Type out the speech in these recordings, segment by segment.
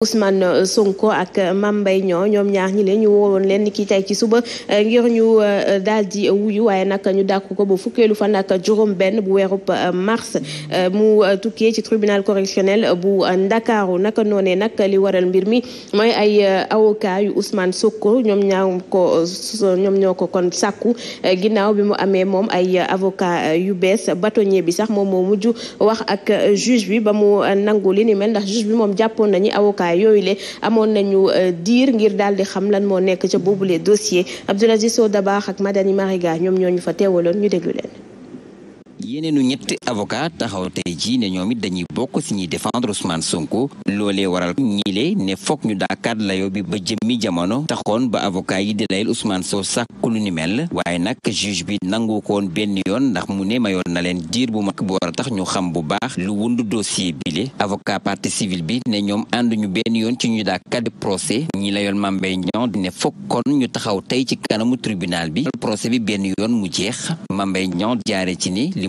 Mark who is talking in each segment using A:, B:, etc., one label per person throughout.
A: Ousmane euh, sunko ak euh, Mame Mbaye Niang ñoom ñaar ñi leen ñu woowoon leen ni ki tey ci suba euh, ngir ñu daal di wuyu waaye nag ñu dàkk ko ba fukkeelu fan ak juróom benn bu weerub mars mu tukkee ci tribunal correctionnel bu Ndakaaru naka noonee nag li waral mbir mi mooy ay avocat yu Ousmane Sonko ñoom ñaaw ko kon sàkku ginnaaw bi mu amee moom ay avocat yu bees bâtonnier bi sax moom moo mujj wax ak juge bi ba mu nangu li ni mel ndax juge bi moom jàppoon nañu avocat avocat yooyu le amoon nañu euh, diir ngir daal di xam lan moo nekk ca boobu boobule dossier Abdoulaziz Sow Dabax ak Madani Mariga ñoom ñoo ñu fa teewaloon ñu déglu leen.
B: yeneenu ñett avocat taxaw tey jii ne ñoom it dañuy bokk si ñuy défendre Ousmane Sonko loolee waral ñiile ne foog ñu daakaat layo bi ba jëmmi jamono taxoon ba avocat yi di layel Ousmane Sow sàkku lu ni mel waaye nag juge bi nangu koon benn yoon ndax mu ne mayoon na leen diir bu mag bu war tax ñu xam bu baax lu wundu dossier bile avocat partie civile bi ne ñoom ànduñu benn yoon ci ñu daakaat de procès ñi layoon Mame Mbaye Niang ne foog kon ñu taxaw tey ci kanamu tribunal bi procès bi benn yoon mu jeex Mame Mbaye Niang jaare ci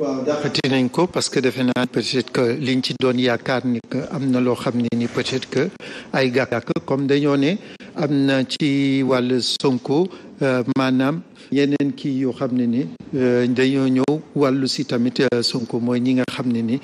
C: waaw ti nañ ko parce que defe naa peut-être que liñ ci doon yaakaar ni que am na loo xam ne ni peut-être que ay gàkk comme dañoo ne am na ci wàll Sonko euh, maanaam yeneen ki yoo xam ne ni euh, dañoo ñëw wàllu si tamit euh, Sonko mooy ñi nga xam ne ni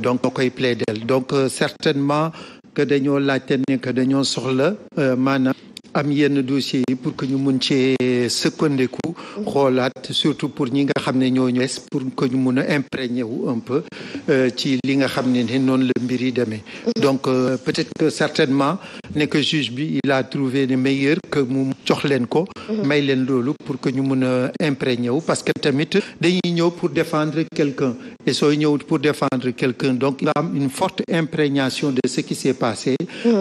C: donc ñoo koy plaidel donc certainement que dañoo laajte ne que dañoo soxla maanaam am yenn dossiers yi pour que ñu mun cee sëkkandiku xoolaat surtout pour ñi nga xam ne ñoo ñees pour que ñu mun a imprégné wu un peu euh, ci li nga xam ne ne noonu la mbir yi demee donc euh, peut-être que certainement ne que juge bi il a trouvé le meilleur que mu jox leen ko may leen loolu pour que ñu mun a imprégné wu parce que tamit dañuy ñëw pour défendre quelqu'un et sooy ñëw pour défendre quelqu'un donc il a une forte imprégnation de ce qui s'est passé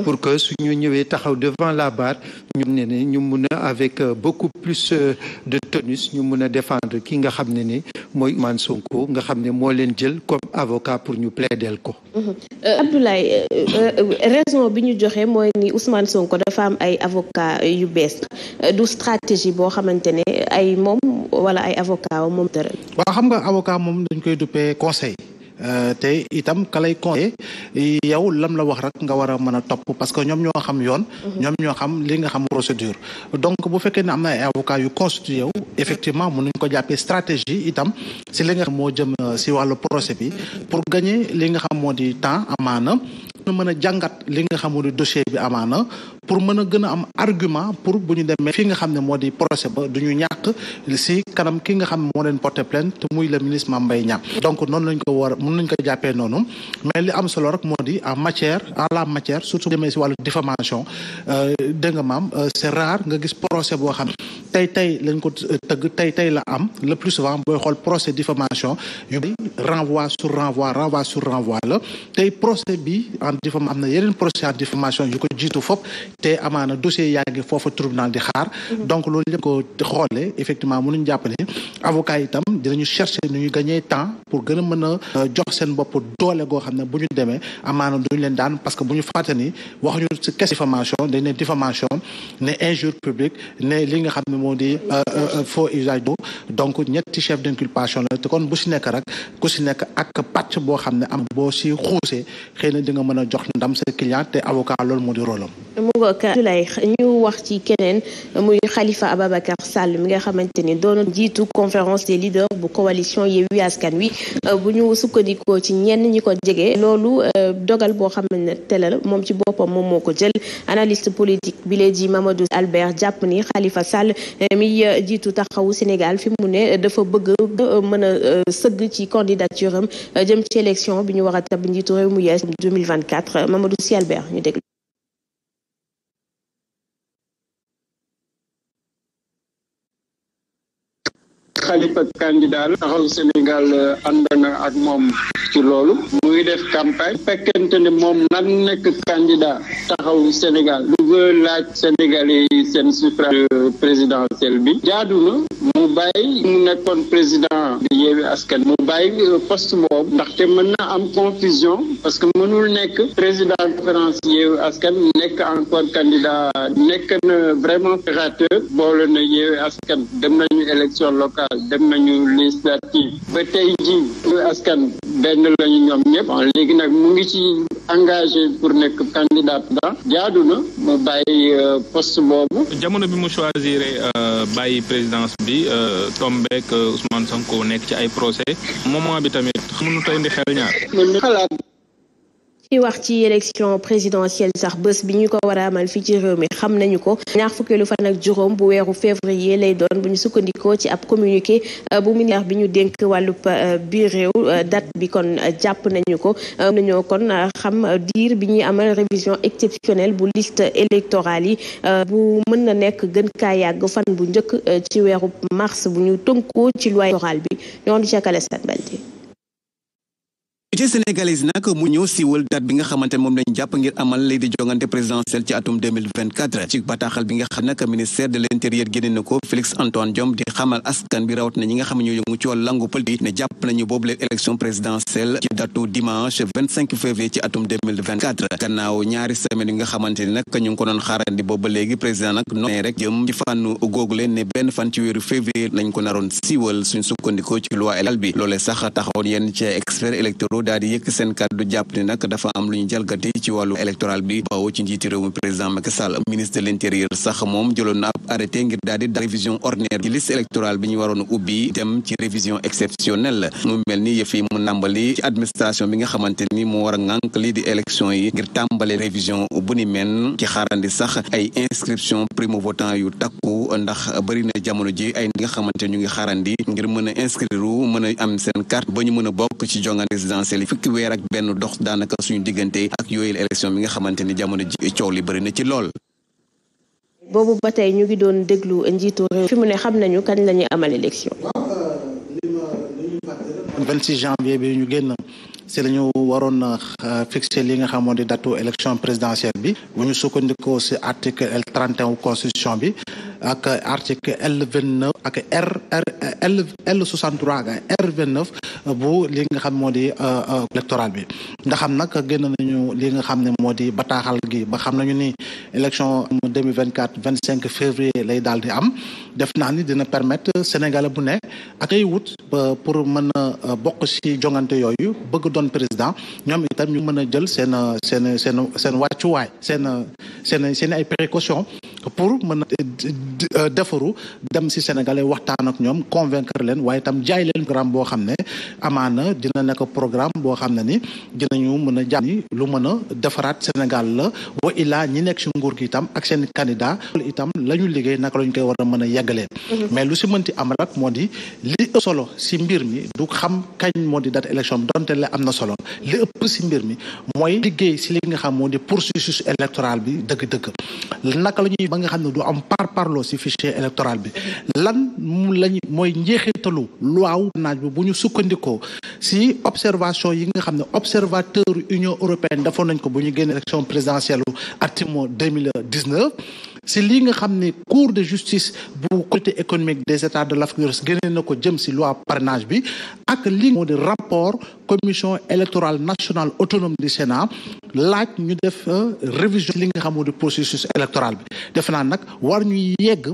C: pour que suñu ñëwee taxaw la barre ñu ne ñu mun a avec euh, beaucoup plus euh, de tonus ñu mun a défendre kii nga xam ne ni mooy Ousmane Sonko nga xam ne moo leen jël comme avocat pour ñu plaider ko.
A: Mhm. Euh, Abdoulaye raison bi ñu joxe mooy ni Ousmane Sonko dafa am ay avocat yu bees du stratégie boo xamante ne ay moom wala ay avocat moom dara.
D: waaw xam nga avocat moom dañ koy du duppee conseil. Euh, te itam kalay lay conseillé yow lam la wax rek nga war a mën a topp parce que ñoom ñoo xam yoon. Mhm. ñoom ñoo xam li nga xam procédure. donc bu fekkee ne am na ay avocats yu constitué yow effectivement mënuñ ko jàppee stratégie itam si li nga xam moo jëm euh, si wàllu procès bi mhm. pour gagner li nga xam moo di temps amaana na mën a jàngat li nga xamul ne dossier bi amaana pour mën a gën a am argument pour bu ñu demee fii nga xam ne moo di procès ba du ñu ñàkk si kanam ki nga xam ne moo leen porté plainte te muy le ministre Mame Mbaye Niang donc noonu lañ ko war mën nañ ko jàppee noonu mais li am solo rek moo di en matière en la matière surtout demee si wàllu diffamation euh, dégg nga maam euh, c'est rar nga gis procès boo xam tey tey lañ ko euh, tëgg tey tey la am le plus souvent booy xool procès diffamation yu bëri renvoi sur renvoi renvoi sur renvoi la tey procès bi en diffamation am na yeneen procès en diffamation yu ko jiitu fop te amaana dossier yaa ngi foofa tribunal di xaar mhm. donc loolu yëpp ko xoolee effectivement mënuñ jàpp ne avocat itam dinañu chercher nu ñu gagner temps pour gën a mën a euh, jox seen bopp doole goo xam ne bu ñu demee amaana duñu leen daan parce que bu ñu fàtte ni waxuñu ci kese diffamation dañ ne moo di euh, euh, faux usage d'eau donc ñetti chef d'inculpation la te kon bu si nekk rek ku si nekk ak pàcc boo xam ne am boo si xuusee xëy na di nga mën a jox ndam sa client te avocat loolu moo di rôle
A: am mu nga ka ñu wax ci keneen muy Khalifa Ababacar Sall mi nga xamante ni doon jiitu conférence de leaders bu coalition Yewwi Askan Wi euh, bu ñu sukkandikoo ci ñenn ñi ko jege loolu dogal boo xam ne tele la moom ci boppam moom moo ko jël analyste politique bi di Mamadou Albert jàpp ni Khalifa mi jiitu taxawu Sénégal fi mu ne dafa bëgg mën a euh, sëgg ci candidature am euh, jëm ci élection bi ñu wax a tab njiitu réew mu yees 2024 Mamadou Sy Albert ñu déglu
E: Khalifa candidat la taxaw Sénégal euh, ànd na ak moom ci loolu muy def campagne fekkente ne moom nan nekk candidat taxaw Sénégal lu veut laaj Sénégalais yi seen suffrage présidentiel bi jaadu na mu bàyyi mu nekkoon président di Yewwi Askan mu bàyyi euh, poste boobu ndaxte mën na am confusion parce que mënul nekk président conférence Yewwi Askan nekk encore candidat nekk na vraiment fédérateur boole na Yewwi Askan dem nañu élection locale dem nañu législative ba tey jii ñu askan benn lañu ñoom ñëpp léegi nag mu ngi ci engagé pour nekk candidat da jaadu na mu bàyyi euh, post boobu jamono bi mu choisir euh, bàyyi présidence bi euh, tombeek Ousmane Sonko nekk ci ay procès moment bi tamit mënut a indi xel ñaar
A: ci wax ci élection présidentielle sax bés bi ñu ko war a amal fii ci réew mi xam nañu ko ñaar fukkeelu fan ak juróom bu weeru février lay doon bu ñu sukkandikoo ci ab communiqué euh, bu ministère bi ñu dénk wàllub euh, biir réew euh, date bi kon jàpp nañu ko nañoo kon xam diir bi ñuy amal révision exceptionnelle bu liste électoral yi bu mën na nekk gën kaa yàgg fan bu njëkk ci weeru mars bu ñu tënkoo ci loi électorale bi ñoo di cakale sat
B: autorité sénégalaise nag mu ñëw siiwal date bi nga xamante ne moom lañ jàpp ngir amal lii l' nañu boobu leen élection présidentielle ci datu dimanche février ci atum 2024 ñaari semaines nga xamante ne nag ñu ngi ko doon léegi président nag noonee rek jëm ci fànnu googu ne benn fan ci wéeru février lañ ko naroon siiwal suñ sukkandikoo ci loi électorale daal di yëkk seen kàddu jàpp ne nag dafa am lu jalgati ci wàllu électoral bi bawoo ci njiiti réew mi président Macky ministre de l'intérieur sax moom jëloon na ab arrêté ngir daal révision ordinaire bi ñu waroon ubbi dem ci révision exceptionnelle mu mel ni yëf yi mu nàmbali ci administration bi nga xamante ni moo war a ŋànk lii di élection yi ngir tàmbale révision bu ni men ci xaarandi sax ay inscription primo votant yu takku ndax bëri na jamono ji ay nga xamante ñu ngi xaarandi a a am seen carte a bokk ci jongante li fukki weer ak benn dox daanaka suñu diggante ak yooyu élection bi nga xamante ni jamono ji coow li bëri na ci lool.
A: boobu ba tey ñu ngi doon déglu njiitu réew fi mu ne xam nañu kañ la ñuy amal élection.
D: 26 janvier bi ñu génn si la ñu waroon euh, fixé li nga xamoon di datu élection présidentielle bi bu ñu sukkandikoo si article L 31 constitution bi. ak article L vingt neuf ak R R L L soixante trois ak R bu li nga xam moo di euh, euh, électoral bi nga xam nag génn nañu li nga xam ne moo di bataaxal gi ba xam nañu ni élection deux mille vingt quatre vingt cinq février lay daal di am def naa ni dina permettre Sénégalais bu nekk ak wut ba pour mën a euh, bokk ci jongante yooyu bëgg doon président ñoom itam ñu mën a jël seen seen seen seen wàccuwaay seen seen seen ay précaution pour mën Euh, defaru dem si sénégalais waxtaan ak ñoom convaincre leen waaye tam jaay leen programme boo xam ne amaana dina nekk programme boo xam ne ni dinañu mën a jàpp ni lu mën a defaraat Sénégal la wa illaa ñi nekk si nguur gi itam ak seen candidat itam la ñu liggéey naka la koy war a mën a yeggalee mm-hmm. mais lu si mënti am rek moo di li solo si mbir mi du xam kañ moo di date élection donte la am na solo li ëpp si mbir mi mooy liggéey si li nga xam moo di processus électoral bi dëgg-dëgg naka la tolloo ci fichier électoral bi lan mu lañ mooy njeexitalu luwaaw naaj bi bu ñu sukkandikoo ci observation yi nga xam ne observateur Union européenne defoon nañ ko bu ñu génn élection présidentielle atimo 2019 si lii nga xam ne cour de justice bu côté économique des états de l'Afrique de l'Ouest génne na ko jëm si loi parrainage bi ak li moo di rapport commission électorale nationale autonome du Sénat laaj ñu def euh, révision li nga xamoo di processus électoral bi def naa nag war ñu yegg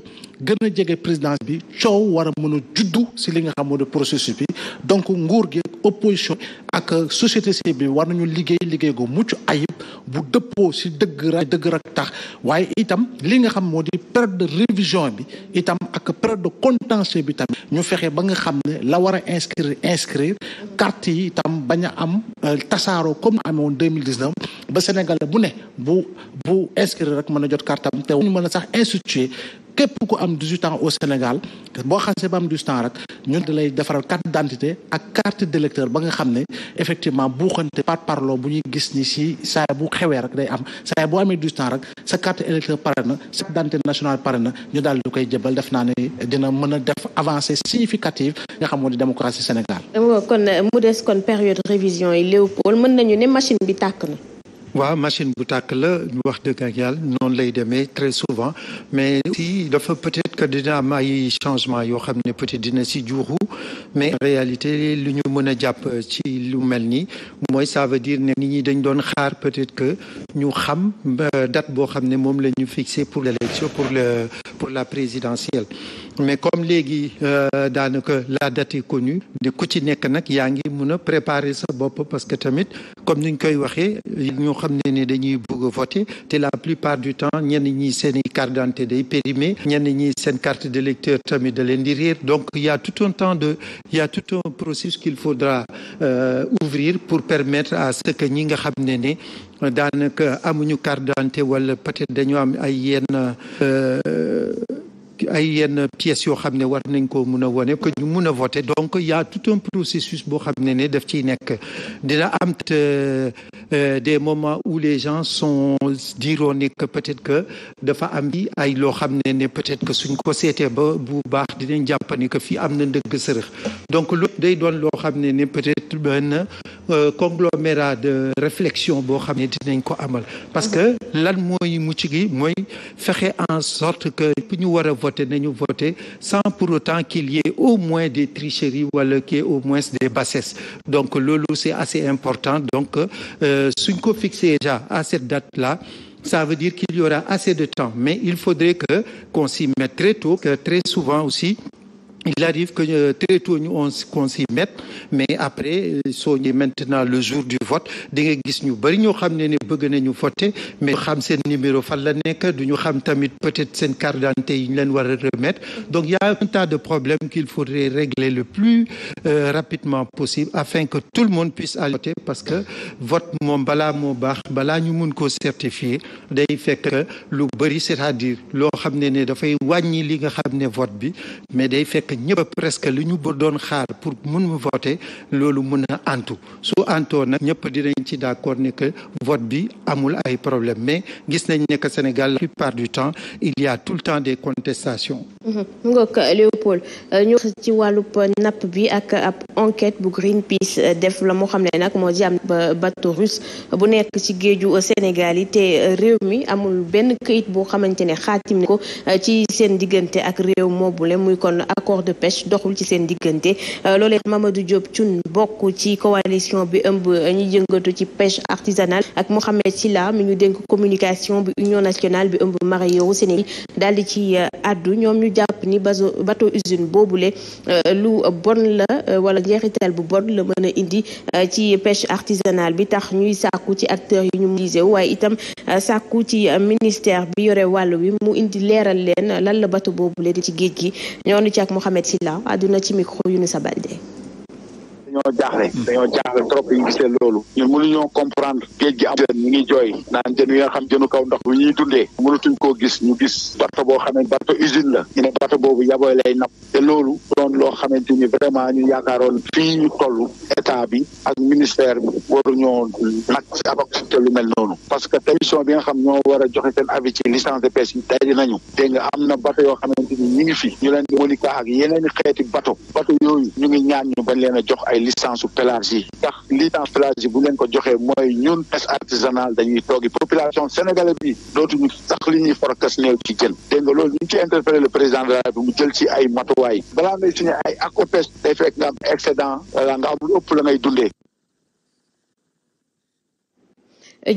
D: gën a jege présidence bi coow war a mën a juddu si li nga xamoo di processus bi donc nguur gi opposition ak euh, société civile bi war nañu liggéey liggéey gu mucc ayib bu dëppoo si dëgg ra tax waaye itam li nga xam moo di période de révision bi itam ak période de contentieux bi tamit ñu fexe ba nga xam ne la war a inscrire inscrire carte yi itam bañ a am euh, tasaaroo comme amoon 2019 ba sénégalais bu ne bu bu inscrire rek mën a jot carte am te ñu mën a sax instituer képp ku am 18 ans au Sénégal boo ba am 18 ans rek ñun da lay defaral carte d'identité xam ne effectivement bu xante par parloo bu ñuy gis ni si saa bu xewee rek day am saa boo amee 18 ans rek sa carte électeur pare na sa d'identité nationale pare na ñu daal di koy jëbal def naa ne dina mën a def avancée significative nga xamoon di démocratie
C: Sénégal.
A: mu des kon période révision yi Léopold mën nañu ne machine bi
C: waaw machine bu tàkk la wax dëgg ak yàlla noonu lay demee très souvent mais aussi dafa peut-être que dina am ay changement yoo xam ne peut-être dina si juuxu mais en réalité lu ñu mën a jàpp ci lu mel nii mooy ça veut dire ne nit ñi dañ doon xaar peut-être que ñu xam euh, date boo xam ne moom la ñu fixé pour l'élection pour le pour la présidentielle mais comme léegi euh, daanaka la date est connue de ku ci nekk nag yaa ngi mun a préparer sa bopp parce que tamit comme ni ñu koy waxee ñoo xam ne ne dañuy bëgg a voter te la plupart du temps ñenn ñi seeni i carte d'identité day périmé ñenn ñi seen carte d'électeur tamit da leen di réer donc il y a tout un temps de il y a tout un processus qu'il faudra euh, ouvrir pour permettre à ce que ñi nga xam ne ne daanaka amuñu carte d'identité wala peut-être dañu am ay yenn euh, ay yenn pièces yoo xam ne war nañ koo mun a wone que ñu mun a voter donc yaa a tout un processus boo xam ne ne daf ciy nekk dina am euh, des moments ou les gens sont diront ne que peut-être que dafa am bi ay loo xam ne ne peut-être que suñ ko seetee ba bu baax dinañ jàpp ne que fii am na ndëgg sërëx donc lu day doon loo xam ne ne peut-être benn Euh, conglomérat de réflexion boo xam ne dinañ ko amal parce que lan mooy mucc gi mooy fexe en sorte que ñu war a voter nañu voter sans pour autant qu'il y ait au moins des tricheries wala qu'il y ait au moins des bassesses donc loolu c'est assez important donc euh, suñ ko fixé déjà à cette date là ça veut dire qu'il y aura assez de temps mais il faudrait que qu'on s'y mette très tôt que très souvent aussi il arrive que euh, très tôt ñu on qu'on s'y mais après euh, soo ñu maintenant le jour du vote di nga gis ñu bëri ñoo xam ne ne bëgg nañu voter mais xam seen numéro fan la nekk du ñu xam tamit peut-être seen carte d'identité yi ñu leen war a remettre donc il y a un tas de problèmes qu'il faudrait régler le plus euh, rapidement possible afin que tout le monde puisse aller voter que vote moom balaa moo baax balaa ñu mun koo certifier day fekk lu bëri c'est-à-dire loo xam ne ne dafay wàññi li nga xam ne vote bi que ñëpp presque li ñu doon xaar pour mun mu voter loolu mun a antu su antoo nag ñëpp dinañ ci d'accord ne que vote bi amul ay problème mais gis nañ ne que Sénégal la plupart du temps il y tout le temps des contestations.
A: Mhm. Ngok Léopold ñu ci wàllub napp bi ak ab enquête bu Greenpeace euh, def la moo xam ne nag moo di ba bateau russe bu nekk ci géeju Sénégal yi te euh, réew mi amul benn këyit boo xamante ne xaatim ko euh, ci seen diggante ak réew moobule accord de pêche doxul ci seen diggante euh, loolee Mamadou Diop Thioune bokk ci coalition bi ëmb euh, ñi yëngatu ci pêche artisanale ak Mohamed Silla mi ñu dénk communication bi union nationale bi ëmb mareyeur Sénégal daal di ci euh, addu ñoom ñu jàpp ni bateau usine boobule lu bon la wala njeexital bu bon la mën a indi ci pêche artisanale bi tax ñuy sàkku ci acteurs yi ñu mobilisé waaye itam sàkku ci ministère bi yore wàll wi mu indi leeral leen lan la bateau boobule di ci géej gi Mohamed Sylla àdduna ci micro sa Baldé
D: dañoo jaaxle trop yi gisee loolu ñun mënuñoo comprendre géej gi am jën ñu ngi jooy naan jën yi nga xam jënu kaw ndox bi ñuy dundee ñu gis bato boobu yabooy lay napp te loolu doon loo xamante vraiment ñu yaakaaroon fii ñu toll état bi ak ministère bi waruñoo ñoo war a joxe seen avis ci licence de pêche yi daje nañu dégg nga am na bato yoo xamante ñu ngi fi ñu leen di wëlika ak yeneen xeeti bato bato yooyu ñu ngi ñaan ñu bañ leen a jox ay licence su pélagie ndax licence pélagie bu leen ko joxe mooy ñun pêche artisanale dañuy toogi population sénégalaise bi dootuñu sax li ñuy forakas ci jën dégg nga ñu ngi ci interpellé le président mu jël ci ay matuwaay balaa ngay signé ay accord pêche day fekk nga am excédent wala nga am ëpp la ngay dundee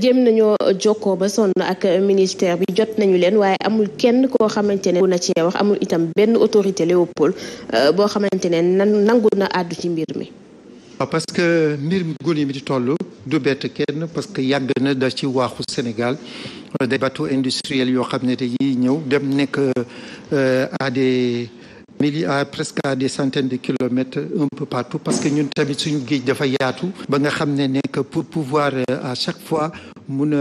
A: jéem nañoo jokkoo ba sonn ak ministère bi jot nañu leen waaye amul kenn koo xamante ne na cee wax amul itam benn autorité Léopold euh, boo xamante ne nangu na àddu ci
C: mbir mi Ah, parce que mbir gone mi di toll du bett kenn parce que yàgg na da ci waaxu Sénégal euh, des bateaux industriels yoo xam ne te yi ñëw dem nekk euh, à des à presque à des centaines de kilomètres un peu partout parce que ñun tamit suñu géej dafa yaatu ba nga xam ne nekk pour pouvoir euh, à chaque fois mun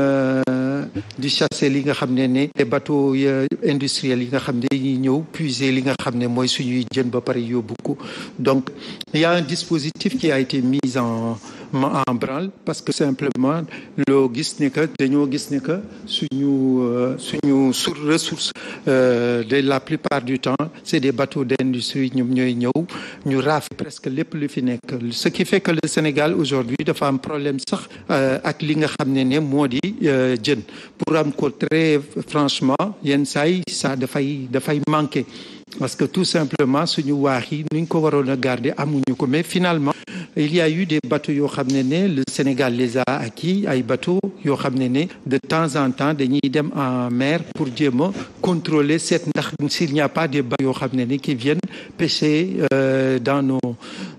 C: di chasser li nga xam ne ne les bateaux euh, industriels yi nga xam ne dañuy ñëw puiser li nga xam ne mooy suñuy jën ba pare yóbbu ko donc il un dispositif qui a été mis en ma en branle parce que simplement loo gis ne que dañoo gis ne que suñu euh, suñu sur ressource euh, de la plupart du temps c'est des bateaux d'industrie ñoom ñooy ñëw ñu raaf presque lépp lu fi nekk ce qui fait que le Sénégal aujourd'hui dafa am problème sax euh, ak li nga xam ne ne moo di jën pour am ko très franchement yenn saa yi ça dafay dafay manquer parce que tout simplement suñu waax yi nuñ ko waroon a garder amuñu ko mais finalement il y a eu des bateaux yoo xam ne ne le Sénégal les a acquis ay bateaux yoo xam ne ne de temps en temps dañuy dem en mer pour jéem a contrôler cette ndax s'il n'y a pas des bateaux yoo xam ne ne qui viennent pêcher euh, dans nos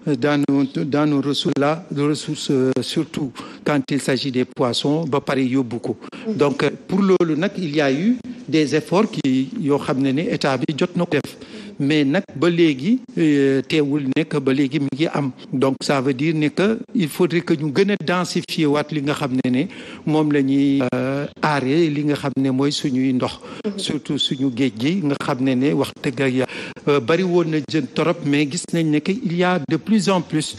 C: dans nos dans ressources euh, surtout quand il s'agit des poissons ba pare yóbbu ko mm. donc euh, pour loolu nag il y a eu des efforts qui yoo xam ne ne état bi jot na ko def mais nag ba léegi euh, teewul nekk ba léegi mu ngi am donc ça veut dire ne que il faudrait que ñu gën a densifier waat li nga xam ne ne moom la ñuy euh, aaree li nga xam ne mooy suñuy ndox mm-hmm. surtout suñu géej gi nga xam ne ne wax dëgg ya euh, bari woon na jën torop mais gis nañ ne que il y a de plus en plus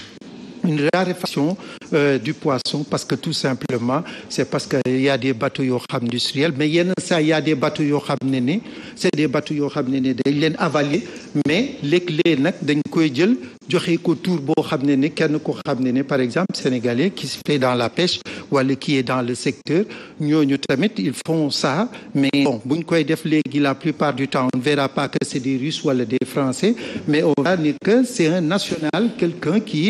C: une raréfaction euh, du poisson parce que tout simplement c'est parce que y a des bateaux yoo xam industriels mais yenn saa y des bateaux yoo xam ne ne c'est des bateaux yoo xam ne ne dañ leen avaler mais léeg-léeg nag dañ koy jël joxe ko tour boo xam ne ne kenn ko xam ne ne par exemple sénégalais qui se fait dans la pêche wala qui est dans le secteur ñooñu tamit ils font ça mais bon buñ koy def léegi la plupart du temps on ne verra pas des Russes wala des Français mais on verra que c'est un national quelqu'un qui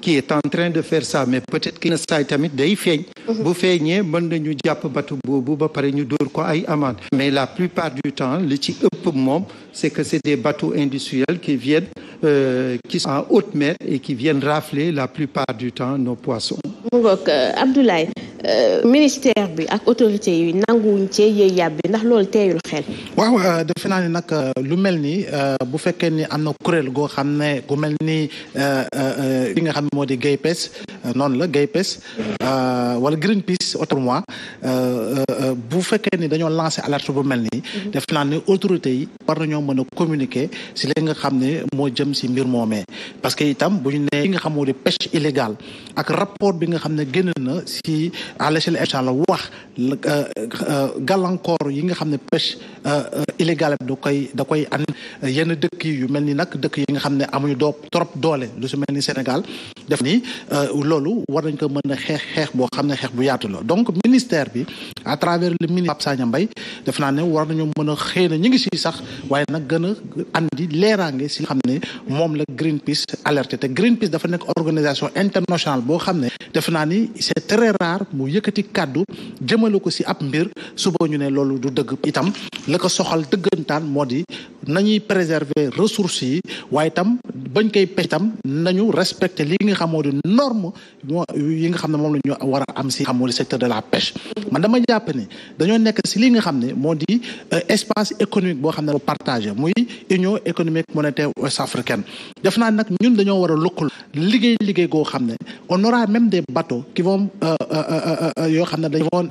C: qui est en train de faire ça mais peut-être que na saay tamit day feeñ mhm. bu feeñee mën nañu jàpp bateau boobu ba pare ñu dóor ko ay amende mais la plupart du temps li ci ëpp moom c'est que c'est des bateaux industriels qui viennent euh, qui sont en qui viennent rafler la plupart du temps nos poissons
A: mu ngoog euh, euh, ministère bi ak autorité yi nanguwuñ cee yëy yàbbi ndax loolu teeyul xel
D: waaw defe naa ne euh, lu mel ni bu fekkee ni am na kuréel goo xam ne gu mel ni li nga xam moo di GEPES euh, noonu la GEPES euh, wala Greenpeace autrement euh, bu fekkee ni dañoo lancé alerte bu mel nii mhm. def naa ne autorités yi war nañoo mën a communiquer si li nga xam ne moo jëm si mbir moomee parce que itam bu ñu nee li nga xam moo di pêche illégale ak rapport bi nga xam ne génn na si à l'échelle la wax gàllankoor yi nga xam ne pêche illégale bi da koy da koy an yenn dëkk yu mel ni nag dëkk yi nga xam ne amuñu doo trop doole lu si mel ni Sénégal def ni euh, loolu war nañ ko mën a xeex xeex boo xam ne xeex bu yaatu la donc ministère bi à travers le ministre Pape Sagna Mbaye def naa ne war nañoo mën a xëy na ñu ngi si sax waaye nag gën a andi leeraange si xam ne moom la Greenpeace alerté te Greenpeace dafa nekk organisation internationale boo xam ne def naa ni c'est très rare mu yëkkati kàddu jëmale ko si ab mbir suba ñu ne loolu du dëgg itam la ko soxal dëggantaan moo di nañuy préserver ressources yi waaye itam bañ koy pecc itam nañu respecter li nga xam moo di norme yi nga xam ne moom la ñu war a am si xamul secteur de la pêche jàpp ne dañoo nekk si li nga xam ne moo di euh, espace économique boo xam ne partagé muy union économique monétaire ouest africaine def naa nag ñun dañoo war a lëkkal liggéey liggéey goo xam ne on aura même des bateaux qui euh, euh, yoo xam ne dañu vont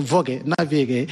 D: voguer naviguer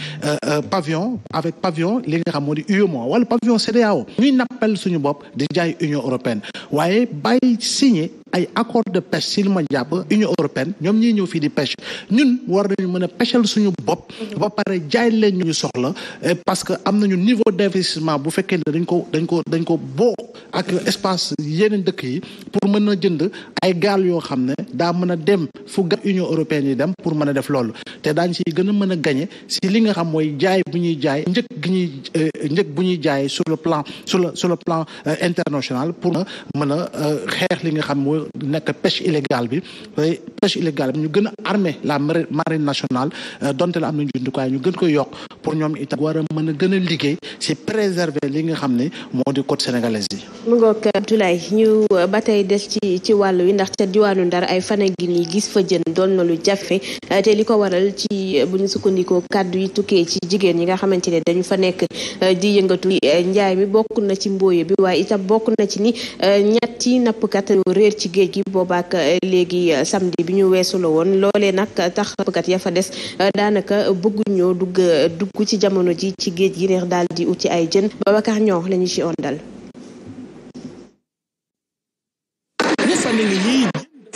D: pavillon avec pavillon li nga xam moo di UEMOA wala pavillon CEDEAO ñuy nappal suñu bopp di jaay union européenne waaye bàyyi signé ay accord de pêche si lu ma jàpp union européenne ñoom ñii ñëw fii di pêche ñun war nañu mën a pêchal suñu bopp ba pare jaay leen ñu soxla eh, parce que am nañu niveau d'investissement bu fekkee ne dañ ko dañ ko dañ ko boo ak espace yeneen dëkk yi pour mën a jënd ay gaal yoo xam ne daa mën a dem fu ga union européenne yi dem pour mën a def loolu te daañ si gën a mën a gañe si li nga xam mooy jaay bu ñuy jaay njëg gi ñuy eh, njëg bu ñuy jaay sur le plan sur le plan eh, international pour mën a xeex li nga nekk pêche illégale bi pêche illégale bi ñu gën a armé la marine nationale euh, donte la am na njundukaay ñu gën ko yokk pour ñoom itam war a mën a gën a liggéey si préserver li nga xam ne moo di côte sénégalaise yi.
A: mu ngoog Abdoulaye ñu euh, ba tey des ci wàll wi ndax ca diwaanu Ndar ay fan gi nii gis fa jën doon na lu jafe euh, te li ko waral ci bu ñu sukkandikoo kàddu yi tukkee ci jigéen yi nga xamante ne dañu fa nekk di yëngatu njaay mi bokk na ci mbooye bi waaye na ci ni ñetti nappkat réer ci ci géej gi boobaak eh, léegi eh, samedi bi ñu weesu woon loolee nag tax nappkat ya fa des eh, daanaka bëgguñoo dugg dugg ci jamono ji ci géej gi neex daal di ci ay jën Babacar ñoo lañu ci ondal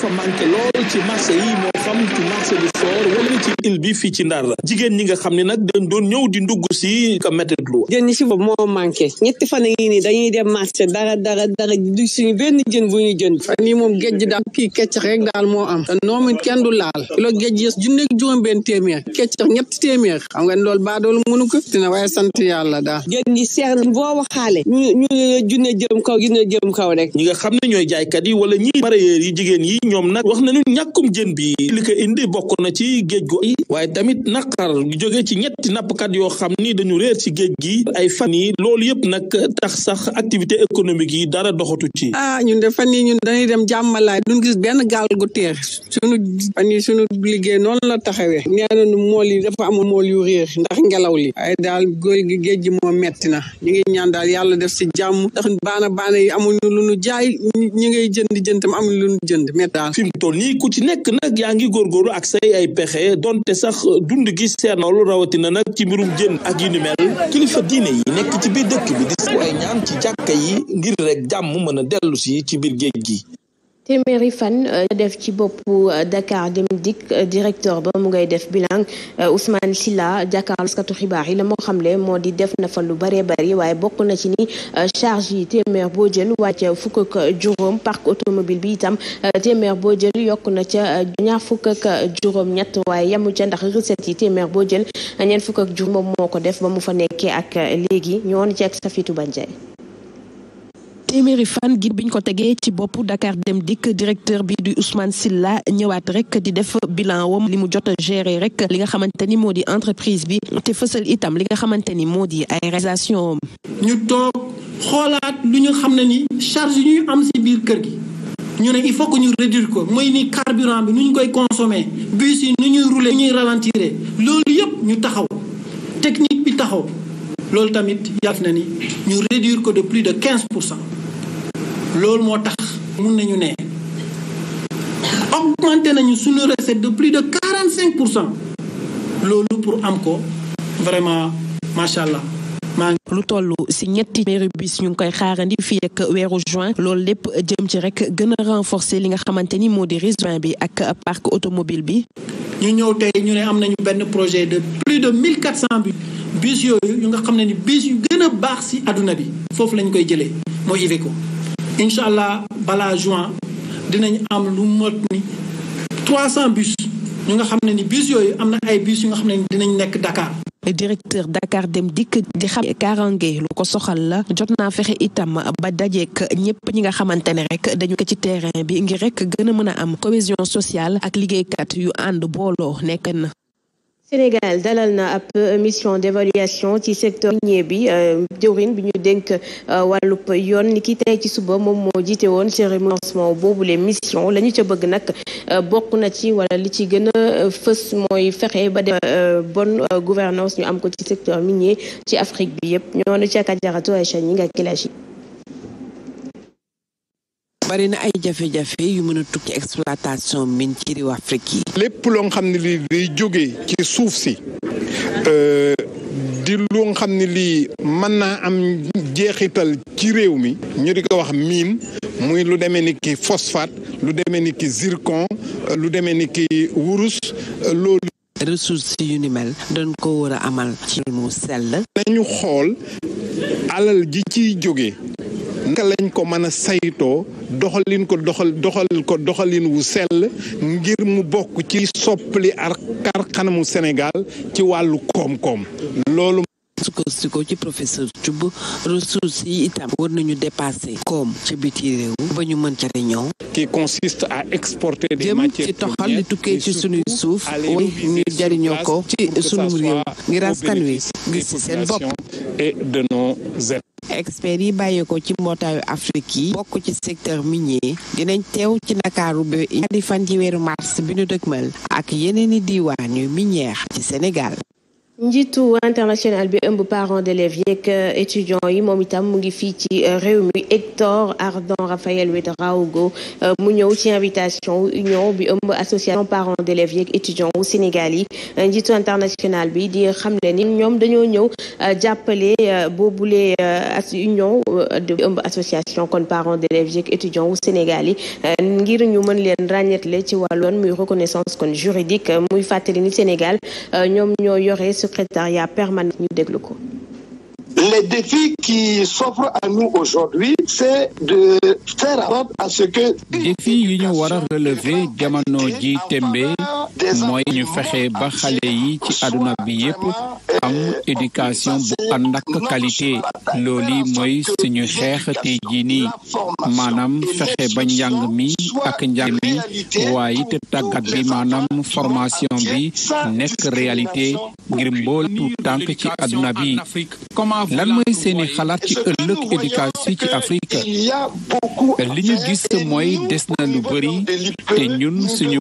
E: dafa manqué lool ci marché yi moo xam ci marché bu soor wala ci île bi fii ci Ndar jigéen ñi nga xam ne nag dañ doon ñëw di ndugg si ka méttitlu jën ñi si bopp moo manqué ñetti fan yi nii dañuy dem marché dara dara dara du suñu benn jën bu ñuy jënd fan yi moom géej daal kii keccax rek moo am te du laal kilo géej yës junneeg juróom benn téeméer keccax ñetti téeméer xam nga loolu baa doolu mënu ko dina waaye sant yàlla daal jën ñi seer boo waxaale ñu ñu junne jëm kaw junne jëm kaw rek ñi nga xam ne ñooy jaaykat yi wala ñi mareyeur yi jigéen yi ñoom na wax nañu ñàkkum jën bi li ko indi bokk na ci géej yi waaye tamit naqar jóge ci ñetti nappkat yoo xam ni dañu réer ci géej gi ay fan yi loolu yëpp nag tax sax activité économique yi dara doxatu ci. ah ñun de fan yi ñun dañuy dem jàmmalaay duñ gis benn gaal gu teex sunu fan yi sunu liggéey noonu la taxawee nee nañu mool yi dafa amoon mool yu réer ndax ngelaw li ay daal góor gi géej gi moom metti na ñu ngi ñaan daal yàlla def si jàmm ndax baana baana yi amuñu lu nu jaay ñi ngay jënd jënd tam amuñu lu nu jënd président fi mu toll nii ku ci nekk nag yaa ngi góorgóorlu ak say ay pexe donte sax dund gi seer na rawatina nag ci mbirum jën ak yu ni mel kilifa diine yi nekk ci biir dëkk bi di sàkku ay ñaan ci jàkka yi ngir rek jàmm mën a dellu ci biir géej gi.
A: téeméeri fan euh, def ci boppu euh, Dakar Dem Dikk euh, directeur ba mu ngay def bilan Ousmane Sylla jàkkaarlooskatu xibaar yi la moo xamle moo di def na fa lu bare bari waaye bokk na ci ni charge yi téeméer boo jël wàcce fukk ak juróom parc automobile bi itam téeméer boo jël yokk na ca ñaar fukk ak juróom ñett waaye yamu ca ndax recette yi téeméer boo jël ñeent fukk ak juróom moo ko def ba mu fa nekkee ak léegi ñoon ci ak Safitou Bandiaye téeméeri fan gi bi ñu ko tegee ci bopp Dakar Dem Dikk directeur bi di Ousmane Silla ñëwaat rek di def bilan wom li mu jot a gérer rek li nga xamante ni moo di entreprise bi te fësal itam li nga xamante ni moo di ay réalisation
E: ñu toog xoolaat lu ñu xam ne ni charge yu ñuy am si biir kër gi ñu ne il faut que ñu réduire ko mooy ni carburant bi nu ñu koy consommer bus yi nu ñuy rouler nu ñuy ralentir loolu yëpp ñu taxaw technique bi taxaw loolu tamit yàgg na ni ñu réduire ko de plus de quinze pour cent loolu moo tax mun nañu ne augmenté nañu suñu recette de plus de quarante cinq pour cent loolu pour am ko vraiment macha allah. lu toll
A: si ñetti téeméeri bis ñu ngi koy xaarandi fii ak weeru juin loolu lépp jëm ci rek gën a renforcer li nga xamante ni moo di réseau
E: bi ak parc automobile bi. ñu ñëw tey ñu ne am nañu benn projet de plus de mille quatre cent bi bus yooyu yu nga xam ne ni bus yu gën baax si àdduna bi foofu lañ koy jëlee mooy ko incha allah balaa juin dinañ am lu mot ni 300 bus ñu nga xam ne ni bus yooyu am na ay bus yu nga xam ne ni dinañ nekk Dakar.
A: directeur Dakar Dem Dikk di xam kaaraange lu ko soxal la jot naa fexe itam ba dajeek ñëpp ñi nga xamante ne rek dañu ko ci terrain bi ngir rek gën a mën a am cohésion sociale ak liggéeykat yu ànd booloo nekk na. Sénégal dalal na ab euh, mission d'évaluation ci secteur minier bi euh, jëwrin bi ñu denk euh, wàllub yoon ni ki tey ci suba moom moo jiite woon cérémonie de lancement boobule mission la ñu ca bëgg nag bokk na ci wala li ci gën a fës mooy fexe ba def bonne gouvernance ñu am ko ci secteur minier ci Afrique bi yëpp ñoo nu ca kajaratu ay chañ yi nga kilaas yi
E: bari na ay jafe-jafe yu mën a tukki exploitation mine ci réew Afrique yi. lépp loo xam ne lii day jógee ci suuf si euh, di loo xam ne lii mën naa am jeexital ci réew mi. ñu di ko wax mine muy lu demee ni ki phosphate lu demee ni ki zircon lu demee ni ki wurus loolu. ressources yu ni mel dañ ko war a amal ci mu sell. nañu xool alal ji ciy jóge naka lañ ko mën a saytoo. doxalin ko doxal doxal ko doxalin wu sell ngir mu bokk ci soppali ar kar xanamu Sénégal ci wàllu koom-koom loolu sukkandikoo ci professeur Thioub ressources yi itam war nañu dépasser koom ca biti réew ba ñu mën ca réñoo qui à exporter des matières ci toxal li tukkee ci sunuy suuf way ñu jariñoo ko ci sunu réew ngir askan wi gis ci seen bopp et de nos
A: experts yi bàyyeekoo ci mbootaayu Afrique yi bokk ci secteur minier dinañ teew ci Ndakaaru ba ñaari fan ci weeru mars bi ñu dëgmal ak yeneen i diiwaan yu minière ci Sénégal njiitu international bi ëmb parents d'élèves yeeg euh, étudiants yi moom itam mu ngi fii ci euh, réew mi Hector Ardan Raphaël Ouédraogo Gow euh, mu ñëw ci invitation union bi ëmb association parents d'élèves yeeg étudiants wu Sénégal yi njiitu international bi di xam ne ni ñoom dañoo ñëw jàppale boobule union bi ëmb association kon parents d'élèves yeeg étudiants wu Sénégal yi ngir ñu mën leen ràññetle ci wàllu yoon muy reconnaissance kon juridique muy fàttali ni Sénégal ñoom ñoo yore secrétariat permanent ñu déglu ko.
C: Les défis
E: qui s'offrent à nous aujourd'hui, c'est de faire attention à ce que défi
B: yi ñu war a relever jamono ji tembe mooy ñu fexe ba xale yi ci àdduna bi yépp am éducation bu ànd ak qualité loolu mooy suñu xeex tey jii nii maanaam fexe ba njàng mi ak njàng mi waaye te tàggat bi maanaam formation bi nekk réalité ngir mbool tout tànk ci àdduna bi lan mooy seeni xalaat ci ëllëg éducation ci Afrique li gis mooy des na lu bëri te ñun suñu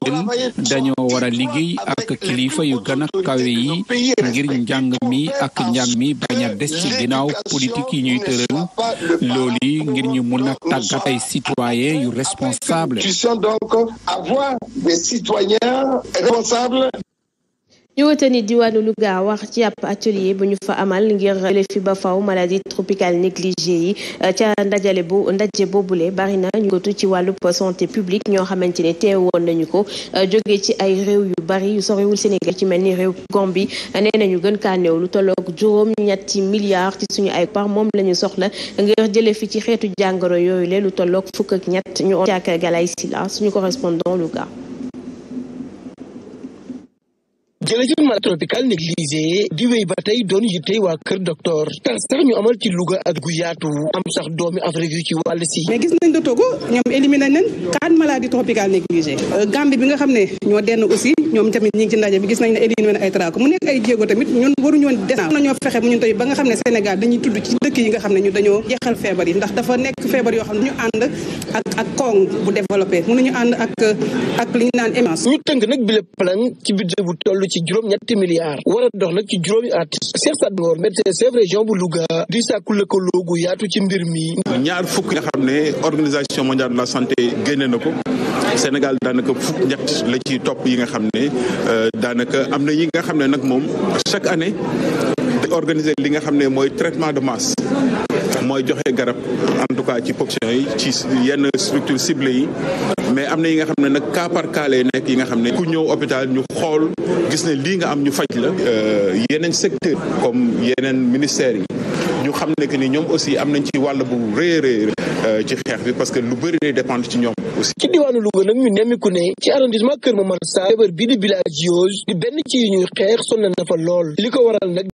B: dañoo war a liggéey ak kilifa yu gën a kawe yi ngir njàng njàng mi ak njàng mi bañ a des ci ginnaaw politique ñuy tëral loolu ngir ñu mun a tàggat ay yu responsable.
E: donc avoir des citoyens
A: ñu wëtani diwaanu Louga wax ci ab atelier bu ñu fa amal ngir jële fi ba faw maladie tropicale négligée yi euh, ca ndajale bu ndaje boobule bari na ñu gotu ci wàllub santé publique ñoo xamante ne woon nañu ko euh, jóge ci ay réew yu bari yu soriwul Sénégal ci mel ni réew Gambie euh, nee ñu gën kaa néew lu tolloog juróom ñetti milliards ci suñu ay par moom lañu soxla ngir jëlee fi ci xeetu jàngoro yooyu le lu tolloog fukk ak ñett ñu on jàkk Galaye Sylla suñu correspondant Louga
D: jërëjëf
E: mala tropical négligé di wéy ba tey doon yittey waa kër docteur tax sax ñu amal ci Louga ak gu yaatu am sax doomi Afrique yu ci wàll si mais gis nañ de Togo ñoom éliminé nañ quatre maladies tropicales négligées euh, Gambie bi nga xam ne ñoo denn aussi ñoom tamit ñi ngi ci ndaje bi gis nañ ne éliminé nañ ay traque mu nekk ay jéego tamit ñun waruñu woon des nañoo fexe ñun ne Sénégal dañuy tudd ci dëkk yi nga xam ne ñu dañoo jeexal feebar yi ndax dafa nekk feebar yoo xam ne bu développé mënuñu ànd ak ñu naan ñu tënk nag bile plan ci budget bu ci juróom ñetti milliards war dox nag ci juróomi at Cheikh Saad Bor médecin chef région bu Louga di sàkku gu yaatu ci mbir mi
D: ñaar fukk nga xam ne organisation mondiale de la santé génne na ko Sénégal daanaka fukk ñett la ci topp yi nga xam ne euh, daanaka am na yi nga xam ne nag moom chaque année organiser li nga xam ne mooy traitement de masse mooy joxe garab en tout cas ci population yi ci yenn structure ciblée yi mais am na yi nga xam ne nag cas par nekk yi nga xam ne ku ñëw hôpital ñu xool gis ne lii nga am ñu faj la euh, yeneen secteur comme yeneen ministères yi ñu xam ne que ni ñoom aussi am nañ ci wàll bu rëy rëy euh, ci xeex bi parce que lu bëri lay dépendre ci ñoom aussi. ci diwaanu
C: Louga nag ñu nemmiku ne ci arrondissement Kër Momar Sarr feebar bii di bilharziose di benn ci yu ñuy xeex sonn na fa lool li ko waral nag